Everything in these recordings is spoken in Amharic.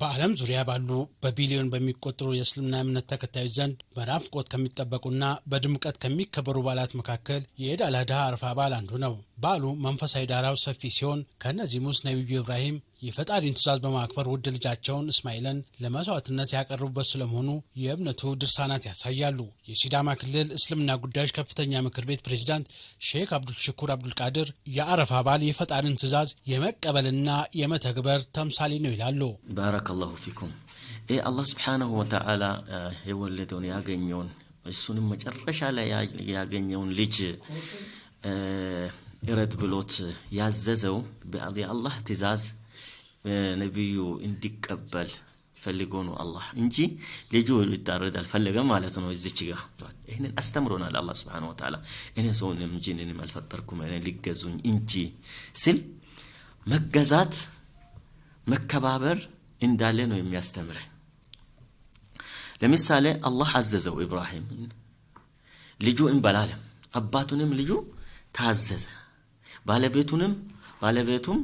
በዓለም ዙሪያ ባሉ በቢሊዮን በሚቆጠሩ የእስልምና እምነት ተከታዮች ዘንድ በናፍቆት ከሚጠበቁና በድምቀት ከሚከበሩ በዓላት መካከል የኢድ አል አድሃ አረፋ በዓል አንዱ ነው። በዓሉ መንፈሳዊ ዳራው ሰፊ ሲሆን ከእነዚህም ውስጥ ነቢዩ ኢብራሂም የፈጣሪን ትእዛዝ በማክበር ውድ ልጃቸውን እስማኤልን ለመስዋዕትነት ያቀርቡበት ስለመሆኑ የእምነቱ ድርሳናት ያሳያሉ። የሲዳማ ክልል እስልምና ጉዳዮች ከፍተኛ ምክር ቤት ፕሬዚዳንት ሼክ አብዱልሽኩር አብዱልቃድር የአረፋ በዓል የፈጣሪን ትእዛዝ የመቀበልና የመተግበር ተምሳሌ ነው ይላሉ። ባረከላሁ ፊኩም። ይህ አላህ ስብሓነሁ ወተዓላ የወለደውን ያገኘውን እሱንም መጨረሻ ላይ ያገኘውን ልጅ እረት ብሎት ያዘዘው የአላህ ትእዛዝ ነቢዩ እንዲቀበል ፈልጎ ነው አላህ እንጂ ልጁ ሊታረድ አልፈለገ ማለት ነው። እዚች ጋ ይህንን አስተምሮናል አላህ ስብሐነ ወተዓላ። እኔ ሰውንም ጅንንም አልፈጠርኩም እኔ ሊገዙኝ እንጂ ስል መገዛት መከባበር እንዳለ ነው የሚያስተምረ። ለምሳሌ አላህ አዘዘው ኢብራሂም ልጁ እንበላለም አባቱንም ልጁ ታዘዘ ባለቤቱንም ባለቤቱም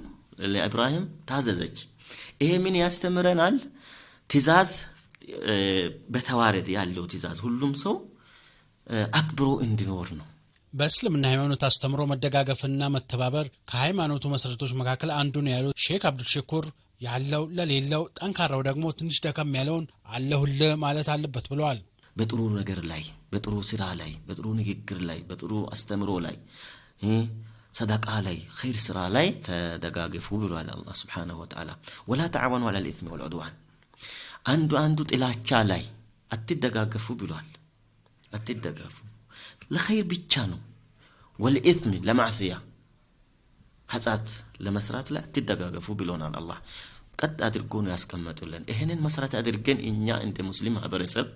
ለእብራሂም ታዘዘች። ይሄ ምን ያስተምረናል? ትእዛዝ በተዋረድ ያለው ትእዛዝ ሁሉም ሰው አክብሮ እንዲኖር ነው። በእስልምና ሃይማኖት አስተምሮ መደጋገፍና መተባበር ከሃይማኖቱ መሰረቶች መካከል አንዱ ነው ያሉት ሼክ አብዱልሽኩር ያለው ለሌለው ጠንካራው ደግሞ ትንሽ ደከም ያለውን አለሁል ማለት አለበት ብለዋል። በጥሩ ነገር ላይ፣ በጥሩ ስራ ላይ፣ በጥሩ ንግግር ላይ፣ በጥሩ አስተምሮ ላይ ሰደቃ ላይ ኸይር ስራ ላይ ተደጋግፉ ብሏል አላህ ስብሓነሁ ወተዓላ። ወላ ተዓወኑ አለል ልእትሚ ወልዑድዋን አንዱ አንዱ ጥላቻ ላይ አትደጋገፉ ብሏል። አትደጋፉ ለኸይር ብቻ ነው። ወልእትሚ ለማዕስያ ኃጢአት ለመስራት ላይ አትደጋገፉ ብሎናል አላህ። ቀጥ አድርጎ ነው ያስቀመጡልን። ይህንን መሰረት አድርገን እኛ እንደ ሙስሊም ማህበረሰብ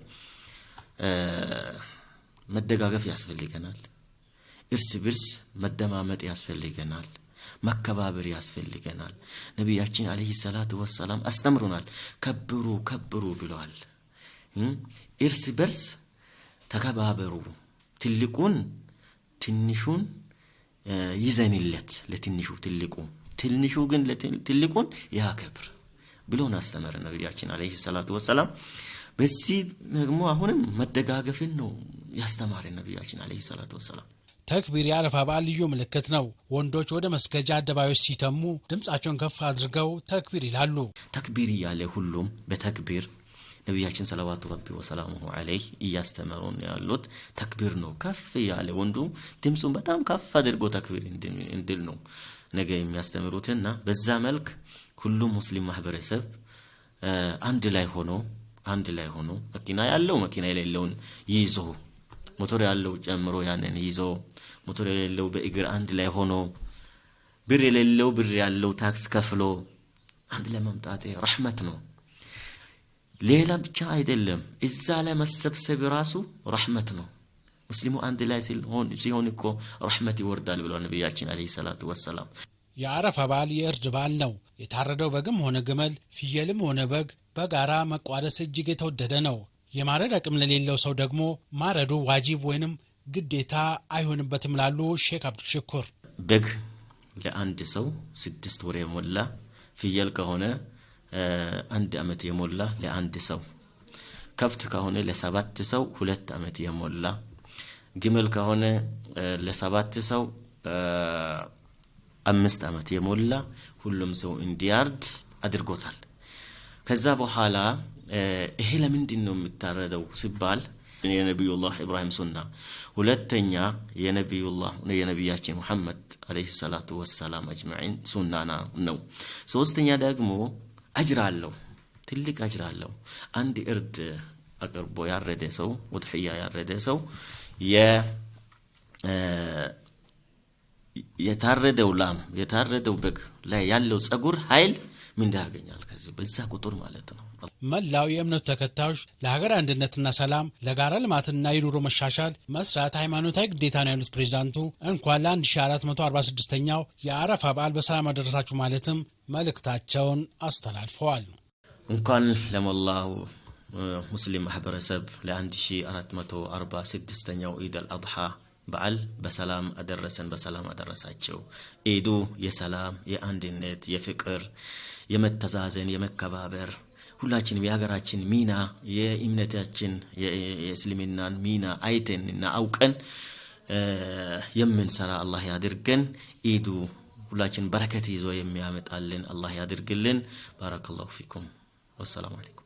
መደጋገፍ ያስፈልገናል። እርስ ብርስ መደማመጥ ያስፈልገናል። መከባበር ያስፈልገናል። ነቢያችን አለይሂ ሰላቱ ወሰላም አስተምሩናል። ከብሩ ከብሩ ብለዋል። እርስ በርስ ተከባበሩ፣ ትልቁን ትንሹን ይዘንለት፣ ለትንሹ ትልቁ ትንሹ ግን ትልቁን ያከብር ብሎን አስተመረ ነቢያችን አለይሂ ሰላቱ ወሰላም። በዚህ ደግሞ አሁንም መደጋገፍን ነው ያስተማረ ነቢያችን አለይሂ ሰላቱ ወሰላም። ተክቢር የአረፋ በዓል ልዩ ምልክት ነው። ወንዶች ወደ መስገጃ አደባባዮች ሲተሙ ድምፃቸውን ከፍ አድርገው ተክቢር ይላሉ። ተክቢር እያለ ሁሉም በተክቢር ነቢያችን ሰለዋቱ ረቢ ወሰላሙሁ አለይህ እያስተመሩ ያሉት። ተክቢር ነው ከፍ እያለ ወንዱ ድምፁን በጣም ከፍ አድርጎ ተክቢር እንድል ነው ነገ የሚያስተምሩትና በዛ መልክ ሁሉም ሙስሊም ማህበረሰብ አንድ ላይ ሆኖ አንድ ላይ ሆኖ መኪና ያለው መኪና የሌለውን ይይዞ ሞተር ያለው ጨምሮ ያንን ይዞ ሞተር የሌለው በእግር አንድ ላይ ሆኖ ብር የሌለው ብር ያለው ታክስ ከፍሎ አንድ ላይ መምጣት ረሕመት ነው። ሌላ ብቻ አይደለም፣ እዛ ላይ መሰብሰብ ራሱ ረሕመት ነው። ሙስሊሙ አንድ ላይ ሲሆን እኮ ረሕመት ይወርዳል ብለ ነቢያችን ዓለይሂ ሰላቱ ወሰላም። የአረፋ በዓል የእርድ በዓል ነው። የታረደው በግም ሆነ ግመል፣ ፍየልም ሆነ በግ በጋራ መቋደስ እጅግ የተወደደ ነው። የማረድ አቅም ለሌለው ሰው ደግሞ ማረዱ ዋጅብ ወይንም ግዴታ አይሆንበትም ላሉ ሼክ አብዱልሽኩር በግ ለአንድ ሰው ስድስት ወር የሞላ ፍየል ከሆነ አንድ አመት የሞላ ለአንድ ሰው ከብት ከሆነ ለሰባት ሰው ሁለት አመት የሞላ ግመል ከሆነ ለሰባት ሰው አምስት አመት የሞላ ሁሉም ሰው እንዲያርድ አድርጎታል። ከዛ በኋላ ይሄ ለምንድን ነው የሚታረደው ሲባል የነቢዩላህ ኢብራሂም ሱና፣ ሁለተኛ የነቢዩላህ የነቢያችን ሙሐመድ ዓለይሂ ሰላቱ ወሰላም አጅማዒን ሱናና ነው። ሶስተኛ ደግሞ አጅር አለው፣ ትልቅ አጅር አለው። አንድ እርድ አቅርቦ ያረደ ሰው ውድሕያ ያረደ ሰው የታረደው ላም የታረደው በግ ላይ ያለው ጸጉር ኃይል ምንዳ ያገኛል ከዚህ በዛ ቁጥር ማለት ነው። መላው የእምነቱ ተከታዮች ለሀገር አንድነትና ሰላም ለጋራ ልማትና የኑሮ መሻሻል መስራት ሃይማኖታዊ ግዴታ ነው ያሉት ፕሬዚዳንቱ እንኳን ለ1446ኛው የአረፋ በዓል በሰላም አደረሳችሁ ማለትም መልእክታቸውን አስተላልፈዋል። እንኳን ለመላው ሙስሊም ማህበረሰብ ለ1446ኛው ኢድ አድሓ በዓል በሰላም አደረሰን፣ በሰላም አደረሳቸው። ኢዱ የሰላም የአንድነት፣ የፍቅር፣ የመተዛዘን፣ የመከባበር ሁላችንም የሀገራችን ሚና የእምነታችን የእስልምናን ሚና አይተንና አውቀን የምንሰራ አላህ ያድርገን። ኢዱ ሁላችን በረከት ይዞ የሚያመጣልን አላህ ያድርግልን። ባረከላሁ ፊኩም ወሰላሙ አለይኩም።